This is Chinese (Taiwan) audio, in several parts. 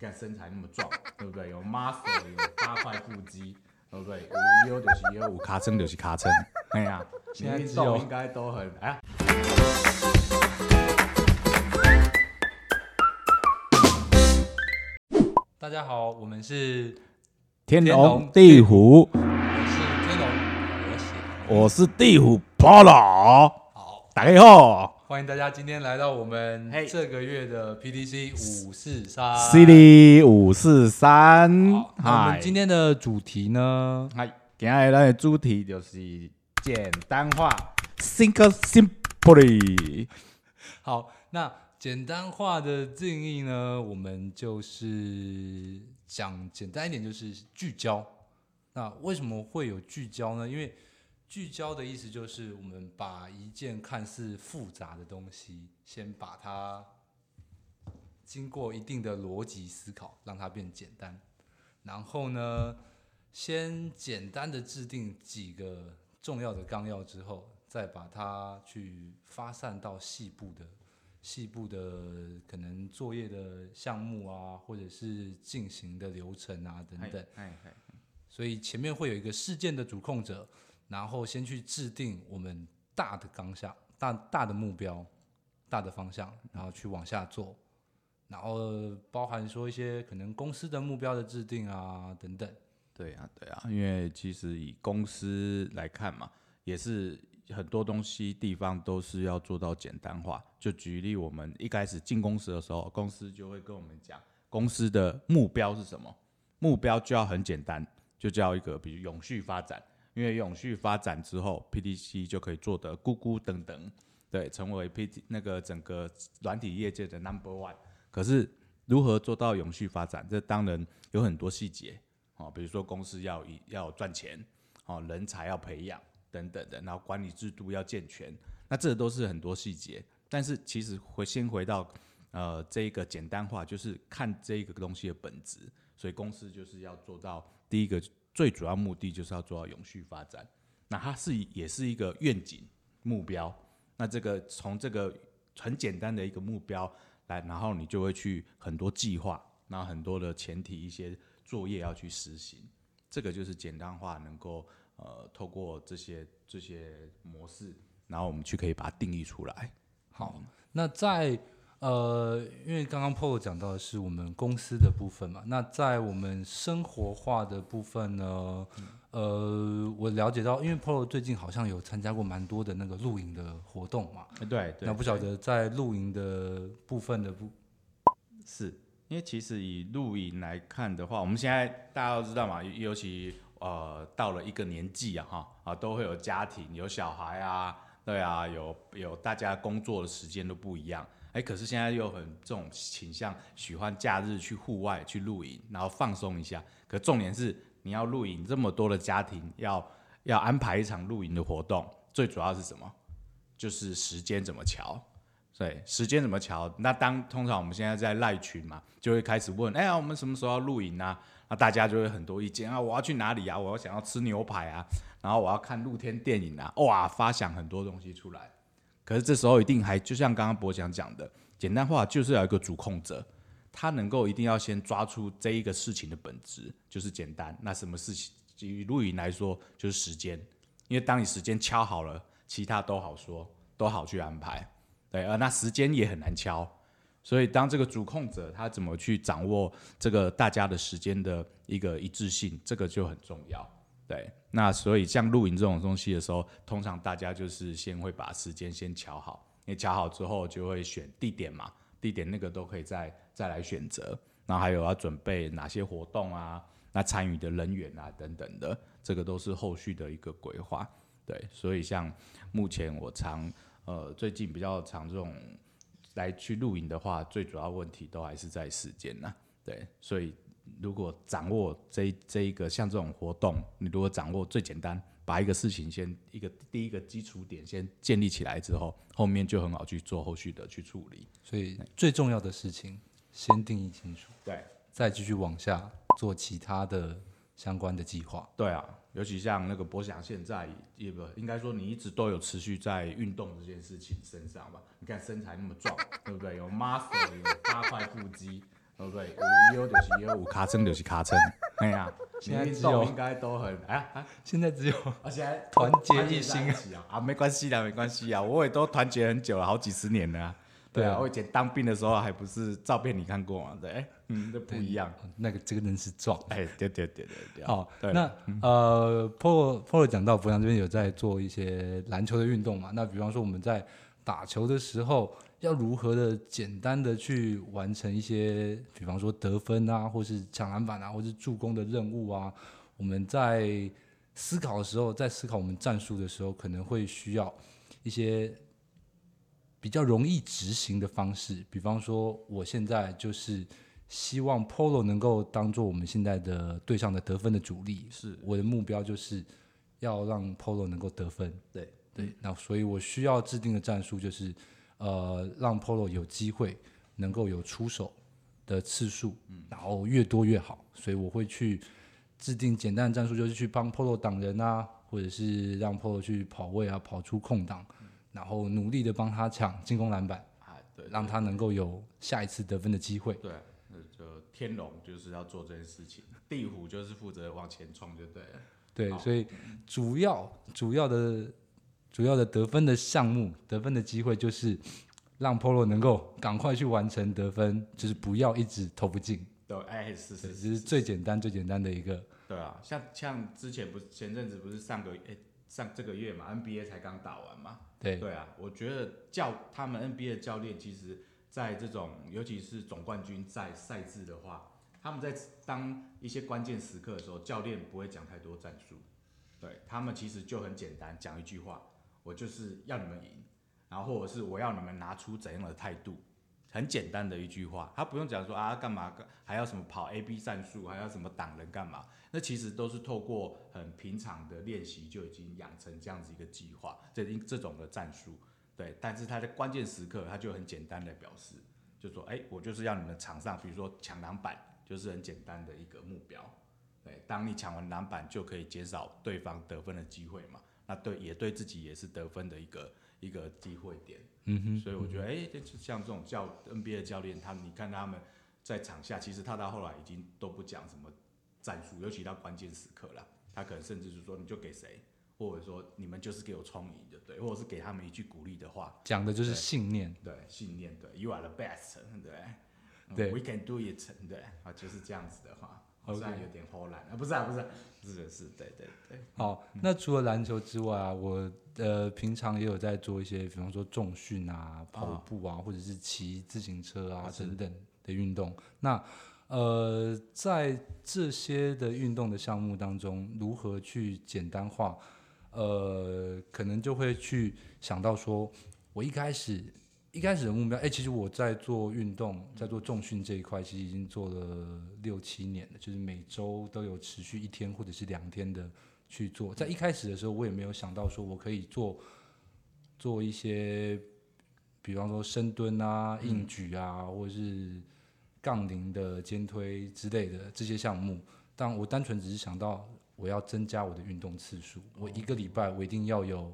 看身材那麼壯，對不對？有 muscle，有大塊腹肌，對不對？有幺就是幺，卡稱就是卡稱。哎 呀、啊，現在肌肉應該都很哎。大家好，我們是天龍地虎。我是天，天，天龍，我是地虎 POLO。好，大家好。歡迎大家今天來到我們這個月的 PTC 五四三 CD 五四三。Hey, CD543, 好，我們今天的主題呢，那、hey, 今日咱的主題就是簡單化，Think Simply。好，那簡單化的定義呢，我們就是講簡單一點，就是聚焦。那為什麼會有聚焦呢？因為聚焦的意思就是，我們把一件看似複雜的東西，先把它經過一定的邏輯思考，讓它變簡單。然後呢，先簡單的制定幾個重要的綱要之後，再把它去發散到細部的細部的可能作業的項目啊，或者是進行的流程啊等等。所以前面會有一個事件的主控者。然後先去制定，我們大的方向、大大的目標、大的方向，然後去往下做，然後、呃、包含說一些可能公司的目標的制定啊等等。對啊，對啊，因為其實以公司來看嘛，也是很多東西地方都是要做到簡單化。就舉例，我們一開始進公司的時候，公司就會跟我們講公司的目標是什麼，目標就要很簡單，就叫一個比如永續發展。因為永續發展之後，PTC 就可以做得咕咕噔噔，對，成為 PTC 那個整個軟體業界的 Number One。可是，如何做到永續發展？這當然有很多細節哦。比如說公司要要賺錢，哦，人才要培養等等的，然後管理制度要健全，那這都是很多細節。但是其實回先回到呃、這個簡單化，就是看這個東西的本質。所以公司就是要做到第一個。最主要目的就是要做到永續發展，那它是也是一個願景目標，那這個從這個很簡單的一個目標來，然後你就會去很多計劃，然後很多的前提一些作業要去實行，這個就是簡單化能，能夠呃透過這些這些模式，然後我們去可以把它定義出來。好，那在。呃，因為剛剛 Polo 講到的是我們公司的部分嘛，那在我們生活化的部分呢，嗯、呃，我了解到，因為 Polo 最近好像有參加過蠻多的那個露營的活動嘛，欸、對，對，對，對，那不曉得在露營的部分的不，是因為其實以露營來看的話，我們現在大家都知道嘛，尤其呃到了一個年紀啊，哈啊，都會有家庭有小孩啊，對啊，有有大家工作的時間都不一樣。哎、欸，可是現在又很這種傾向，喜歡假日去戶外去露營，然後放鬆一下。可重點是，你要露營這麼多的家庭，要要安排一場露營的活動，最主要是什麼？就是時間怎麼喬？對，時間怎麼喬？那當通常我們現在在賴群嘛，就會開始問：哎、欸、呀，我們什麼時候要露營啊？那大家就會很多意見啊，我要去哪裡啊？我要想要吃牛排啊，然後我要看露天電影啊，哇，發想很多東西出來。可是這時候一定還就像剛剛柏翔講的，簡單化就是有一個主控者，他能夠一定要先抓出這一個事情的本質，就是簡單。那什麼事情？以於露營來說，就是時間。因為當你時間敲好了，其他都好說，都好去安排。對啊，那時間也很難敲，所以當這個主控者他怎麼去掌握這個大家的時間的一個一致性，這個就很重要。對，那所以像露營這種東西的時候，通常大家就是先會把時間先喬好，你喬好之後就會選地點嘛，地點那個都可以再再來選擇，然後還有要準備哪些活動啊，那參與的人員啊等等的，這個都是後續的一個規劃。對，所以像目前我常呃最近比較常這種來去露營的話，最主要問題都還是在時間吶。對，所以。如果掌握這一、這一，一個像這種活動，你如果掌握最簡單，把一個事情先一個第一個基礎點先建立起來之後，後面就很好去做後續的去處理。所以最重要的事情先定義清楚，對，再繼續往下做其他的相關的計劃。對啊，尤其像那個柏翔，現在也不應該說你一直都有持續在運動這件事情身上吧？你看身材那麼壯，對不對？有 muscle，有八塊腹肌。 對不對？五有六九一五卡層就是卡層，哎呀，現在只有應該都很哎呀，現在只有，而且、啊啊啊、還團結一心啊啊，啊！沒關係的，沒關係啊！我也都團結很久了，好幾十年了、啊對啊。對啊，我以前當兵的時候還不是照片你看過嗎？對，嗯，那不一樣。那個這個人是壯，哎，對對對對對。好，對啊、那、嗯、呃，POLO POLO 講到，柏翔這邊有在做一些籃球的運動嘛？那比方說我們在打球的時候。要如何的簡單的去完成一些，比方說得分啊，或是搶籃板啊，或是助攻的任務啊，我們在思考的時候，在思考我們戰術的時候，可能會需要一些比較容易執行的方式。比方說，我現在就是希望 Polo 能夠當做我們現在的隊上的得分的主力，是我的目標，就是要讓 Polo 能夠得分。對對，那所以我需要制定的戰術就是。呃，讓 Polo 有機會能夠有出手的次數，嗯，然後越多越好。所以我會去制定簡單的戰術，就是去幫 Polo 擋人啊，或者是讓 Polo 去跑位啊，跑出空檔，嗯、然後努力的幫他搶進攻籃板，啊、對，對，對，讓他能夠有下一次得分的機會。對，那就天龍就是要做這件事情，地虎就是負責往前衝就對了。對，哦、所以主要主要的。主要的得分的項目，得分的機會就是讓 Polo 能夠趕快去完成得分，嗯，就是不要一直投不進。對，哎，是是是，這是最簡單最簡單的一個。對啊，像像之前不，前陣子不是上個、欸、上這個月嘛，NBA 才剛打完嘛。對對啊，我覺得教他們 NBA 的教練，其實在這種尤其是總冠軍在賽制的話，他們在當一些關鍵時刻的時候，教練不會講太多戰術，對，對他們其實就很簡單，講一句話，我就是要你們贏，然後或者是我要你們拿出怎樣的態度，很簡單的一句話，他不用講說啊幹嘛，還要什麼跑 A B 戰術，還要什麼擋人幹嘛？那其實都是透過很平常的練習就已經養成這樣子一個計劃，這這種的戰術，對。但是他在關鍵時刻，他就很簡單的表示，就說，哎，我就是要你們場上，比如說搶籃板，就是很簡單的一個目標，對，當你搶完籃板，就可以減少對方得分的機會嘛。他對也對自己也是得分的一個一個機會點，嗯哼，所以我覺得，哎、嗯，欸、像這種教 NBA 教練，他你看他們在場下，其實他到後來已經都不講什麼戰術，尤其到關鍵時刻了，他可能甚至是說你就給誰，或者說你們就是給我衝贏，對對？或者是給他們一句鼓勵的話，講的就是信念，對，對信念，對，You are the best，對，對，We can do it，對，啊，就是這樣子的話。 好、okay. 像有點偷懶啊，不是啊，不是、啊，不是、啊、是是，對對對。好，那除了籃球之外啊，我呃平常也有在做一些，比方說重訓啊、跑步啊、啊，或者是騎自行車啊，啊等等的運動。啊、那呃，在這些的運動的項目當中，如何去簡單化？呃，可能就會去想到說，我一開始。一開始的目標，哎、欸，其實我在做運動，在做重訓這一塊，其實已經做了六七年了，就是每周都有持續一天或者是兩天的去做。在一開始的時候，我也沒有想到說我可以做做一些，比方說深蹲啊、硬舉啊，嗯、或者是槓鈴的肩推之類的這些項目。但我單純只是想到我要增加我的運動次數，我一個禮拜我一定要有。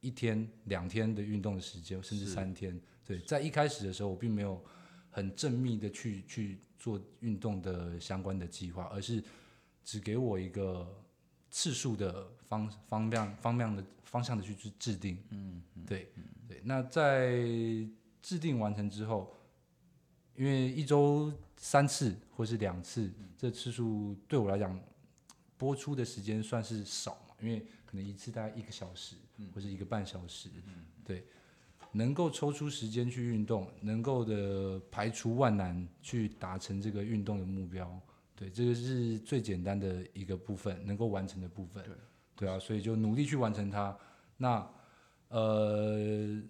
一天、兩天的運動的時間，甚至三天。對，在一開始的時候，我並沒有很縝密的去去做運動的相關的計劃，而是只給我一個次數的方方向、方向的、方向的去去制定。嗯，嗯對嗯，對。那在制定完成之後，因為一周三次或是兩次，嗯、這次數對我來講，播出的時間算是少。因為可能一次大概一個小時，嗯、或者一個半小時，嗯、對、嗯，能夠抽出時間去運動，能夠的排除萬難去達成這個運動的目標，對，這個是最簡單的一個部分，能夠完成的部分，對，對啊，所以就努力去完成它。那呃，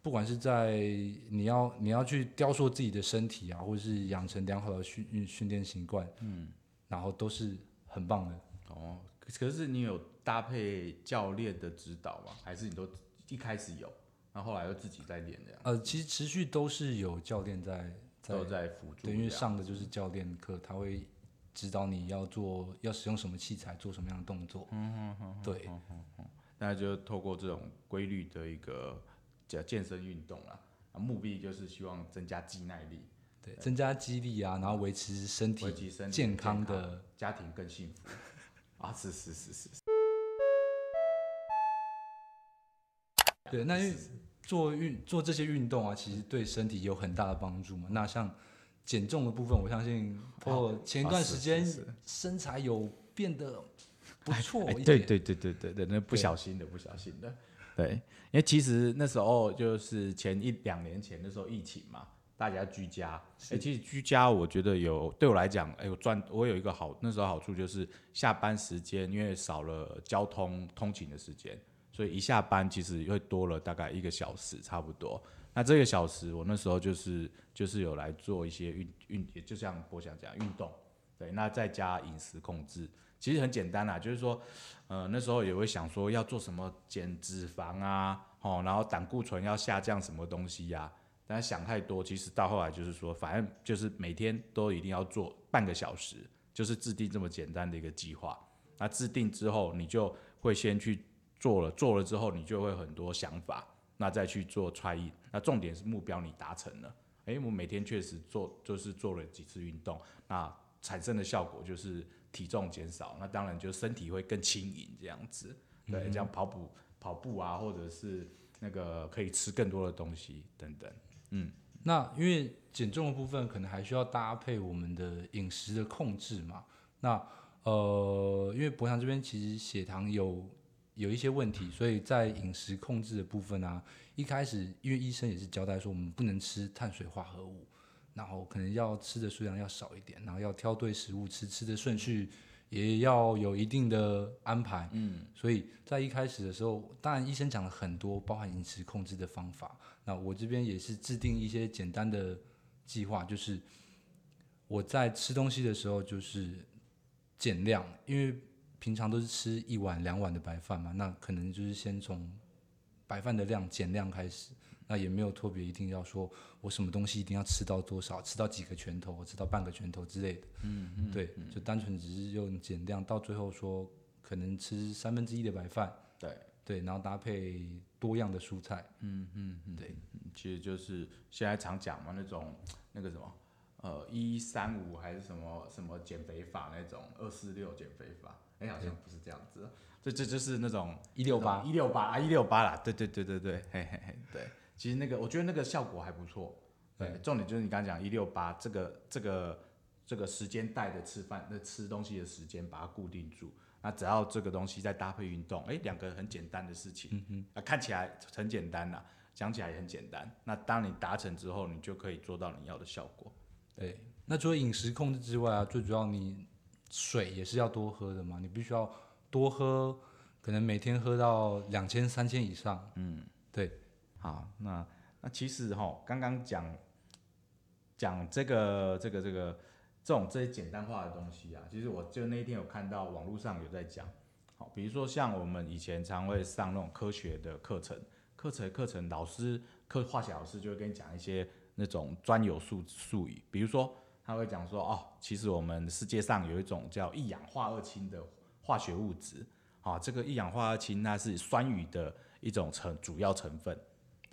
不管是在你要你要去雕塑自己的身體啊，或者是養成良好的訓訓練習慣，嗯，然後都是很棒的哦。可是你有搭配教練的指導嗎？還是你都一開始有，然後後來又自己在練這樣？呃，其實持續都是有教練在在輔助，對，因為上的就是教練課，嗯，他會指導你要做，嗯，要使用什麼器材，做什麼樣的動作。嗯嗯嗯。對。嗯，那就是透過這種規律的一個叫健身運動啦，啊，目的就是希望增加肌耐力，對，對增加肌力啊，然後維持身體健康的康康家庭更幸福。 啊，是是是是。對，那做運做這些運動啊，其實對身體有很大的幫助嘛。那像減重的部分，我相信哦、啊，前一段時間、啊、身材有變得不錯一點。對、哎哎、對對對對對，那不小心的不小心的， 對，因為其實那時候就是前一兩年前那時候疫情嘛。大家居家、欸，其實居家我覺得有對我來講，哎、欸，我賺我有一個好那時候好處就是下班時間，因為少了交通通勤的時間，所以一下班其實會多了大概一個小時差不多。那這個小時我那時候就是就是有來做一些運運，也就像我想講運動，對，那再加飲食控制，其實很簡單啦，就是說，呃，那時候也會想說要做什麼減脂肪啊，哦，然後膽固醇要下降什麼東西呀、啊。但想太多，其實到後來就是說，反正就是每天都一定要做半個小時，就是制定這麼簡單的一個計劃。那制定之後，你就會先去做了，做了之後你就會很多想法，那再去做創意。那重點是目標你達成了。哎、欸，我每天確實做，就是做了幾次運動，那產生的效果就是體重減少，那當然就身體會更輕盈這樣子。對，這樣跑步跑步啊，或者是那個可以吃更多的東西等等。嗯，那因為減重的部分可能還需要搭配我們的飲食的控制嘛。那呃，因為博強這邊其實血糖有有一些問題，所以在飲食控制的部分啊，一開始因為醫生也是交代說我們不能吃碳水化合物，然後可能要吃的數量要少一點，然後要挑對食物吃，吃的順序也要有一定的安排，嗯，所以在一開始的時候，當然醫生講了很多包含飲食控制的方法，那我這邊也是制定一些簡單的計劃，嗯，就是我在吃東西的時候就是減量，因為平常都是吃一碗兩碗的白飯嘛，那可能就是先從白飯的量減量開始。那、啊、也沒有特別一定要說，我什麼東西一定要吃到多少，吃到幾個拳頭，吃到半個拳頭之類的。嗯嗯，對，嗯、就單純只是用減量，到最後說可能吃三分之一的白飯。對對，然後搭配多樣的蔬菜。嗯嗯，嗯對，其實就是現在常講嘛，那種那個什麼，呃，一三五還是什麼什麼減肥法那種，二四六減肥法。哎、欸，好像不是這樣子，這、嗯、這就是那種一六八一六八啊一六八啦，對對對對對，嘿嘿嘿，對。 其實那個，我覺得那個效果還不錯。對，重點就是你剛才講一六八這個這個這個時間帶的吃飯，那吃東西的時間把它固定住。那只要這個東西再搭配運動，誒，兩個很簡單的事情，嗯哼，啊，看起來很簡單啦、啊，講起來也很簡單。那當你達成之後，你就可以做到你要的效果。對，那除了飲食控制之外啊，最主要你水也是要多喝的嘛，你必須要多喝，可能每天喝到兩千三千以上。嗯，對。啊，那那其實齁，剛剛講講這個這個這個這種最簡單化的東西啊，其實我就那天有看到網絡上有在講，好，比如說像我們以前常會上那種科學的課程，課、嗯、程課程老師課化學老師就會跟你講一些那種專有術術語，比如說他會講說哦，其實我們世界上有一種叫一氧化二氫的化學物質，啊，這個一氧化二氫它是酸雨的一種成主要成分。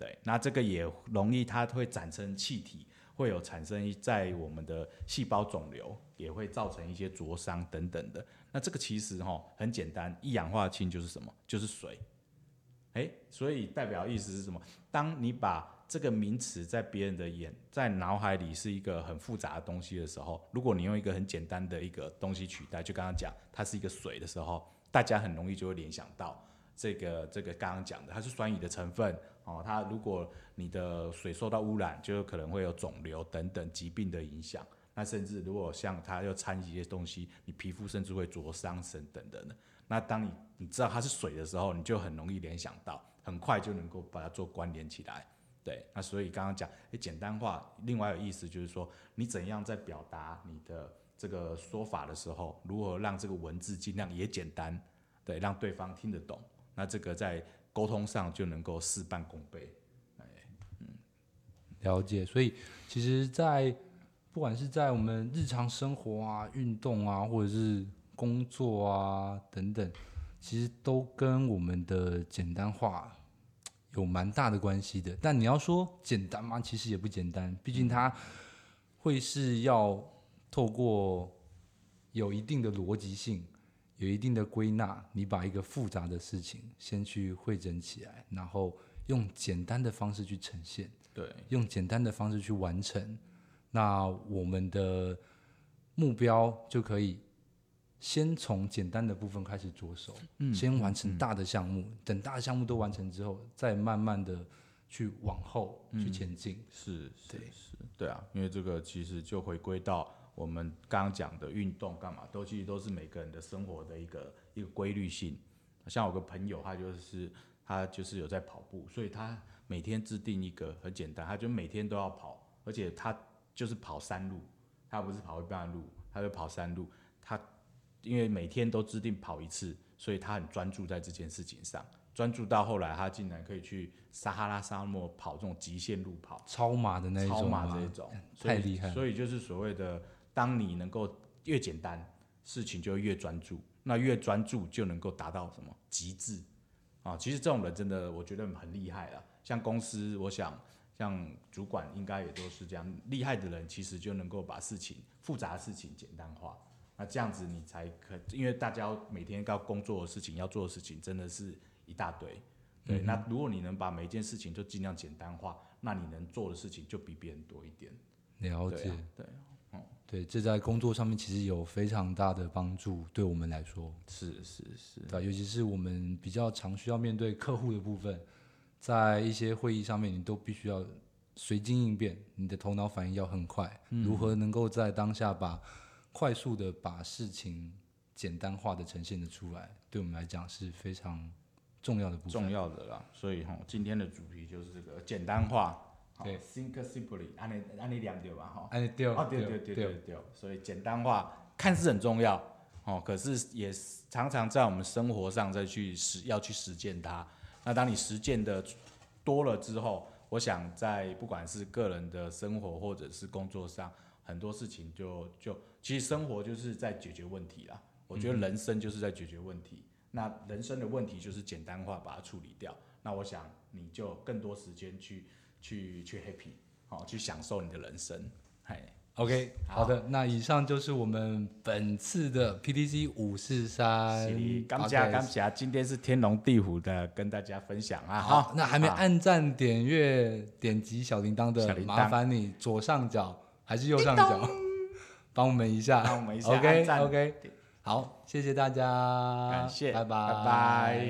對，那這個也容易，它會產生氣體，會有產生在我們的細胞腫瘤，也會造成一些灼傷等等的。那這個其實齁，很簡單，一氧化氫就是什麼？就是水。欸，所以代表意思是什麼？當你把這個名詞在別人的眼、在腦海裡是一個很複雜的東西的時候，如果你用一個很簡單的一個東西取代，就剛剛講，它是一個水的時候，大家很容易就會聯想到這個這個剛剛講的，它是酸雨的成分。哦，它如果你的水受到污染，就有可能會有腫瘤等等疾病的影響。那甚至如果像它又摻一些東西，你皮膚甚至會灼傷，身等等的。那當你你知道它是水的時候，你就很容易聯想到，很快就能夠把它做關聯起來。對，那所以剛剛講誒，簡單化，另外有意思就是說，你怎樣在表達你的這個說法的時候，如何讓這個文字盡量也簡單，對，讓對方聽得懂。那這個在溝通上就能夠事半功倍，哎，嗯，了解。所以其實，在不管是在我們日常生活啊、運動啊，或者是工作啊等等，其實都跟我們的簡單化有蠻大的關係的。但你要說簡單嗎？其實也不簡單，畢竟它會是要透過有一定的邏輯性。有一定的歸納，你把一個複雜的事情先去彙整起來，然後用簡單的方式去呈現，對，用簡單的方式去完成，那我們的目標就可以先從簡單的部分開始着手、嗯，先完成大的項目、嗯，等大的項目都完成之後，再慢慢的去往後去前進。是、嗯，對，是，是，是，對啊，因為這個其實就回歸到。我們剛剛講的運動幹嘛都其實都是每個人的生活的一個一個規律性。像我個朋友，他就是他就是有在跑步，所以他每天制定一個很簡單，他就每天都要跑，而且他就是跑山路，他不是跑一半路，他就跑山路。他因為每天都制定跑一次，所以他很專注在這件事情上，專注到後來他竟然可以去撒哈拉沙漠跑這種極限路跑，超馬的那種，超馬這一種，所以太厲害。所以就是所謂的。當你能夠越簡單，事情就越專注，那越專注就能夠達到什麼極致啊？其實這種人真的我覺得很厲害了。像公司，我想像主管應該也都是這樣厲害的人。其實就能夠把事情複雜的事情簡單化。那這樣子你才可，因為大家每天要工作的事情、要做的事情，真的是一大堆。對，嗯嗯，那如果你能把每一件事情都盡量簡單化，那你能做的事情就比別人多一點。了解，對啊，對。對，這在工作上面其實有非常大的幫助，對我們來說是是是，對，尤其是我們比較常需要面對客戶的部分，在一些會議上面，你都必須要隨機應變，你的頭腦反應要很快，嗯、如何能夠在當下把快速的把事情簡單化的呈現的出來，對我們來講是非常重要的部分。重要的啦，所以哈，今天的主題就是這個簡單化。嗯對，think simply，any any 掉對吧，吼，any 掉，哦，對對對對對,對,對,對，所以簡單化看似很重要，吼、哦，可是也常常在我們生活上再去實要去實踐它。那當你實踐的多了之後，我想在不管是個人的生活或者是工作上，很多事情就就其實生活就是在解決問題啦嗯嗯。我覺得人生就是在解決問題，那人生的問題就是簡單化把它處理掉。那我想你就更多時間去。去去 happy，好、哦、去享受你的人生，嗨，OK，好，好的，那以上就是我們本次的 PTC 五四三，感謝感謝，今天是天龍地虎的跟大家分享啊，好，好啊、那還沒按贊點閱點擊小鈴鐺的，麻煩你左上角還是右上角，幫我們一下，幫我們一下，OK OK，好，謝謝大家，感謝拜拜拜拜。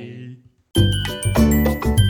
拜拜。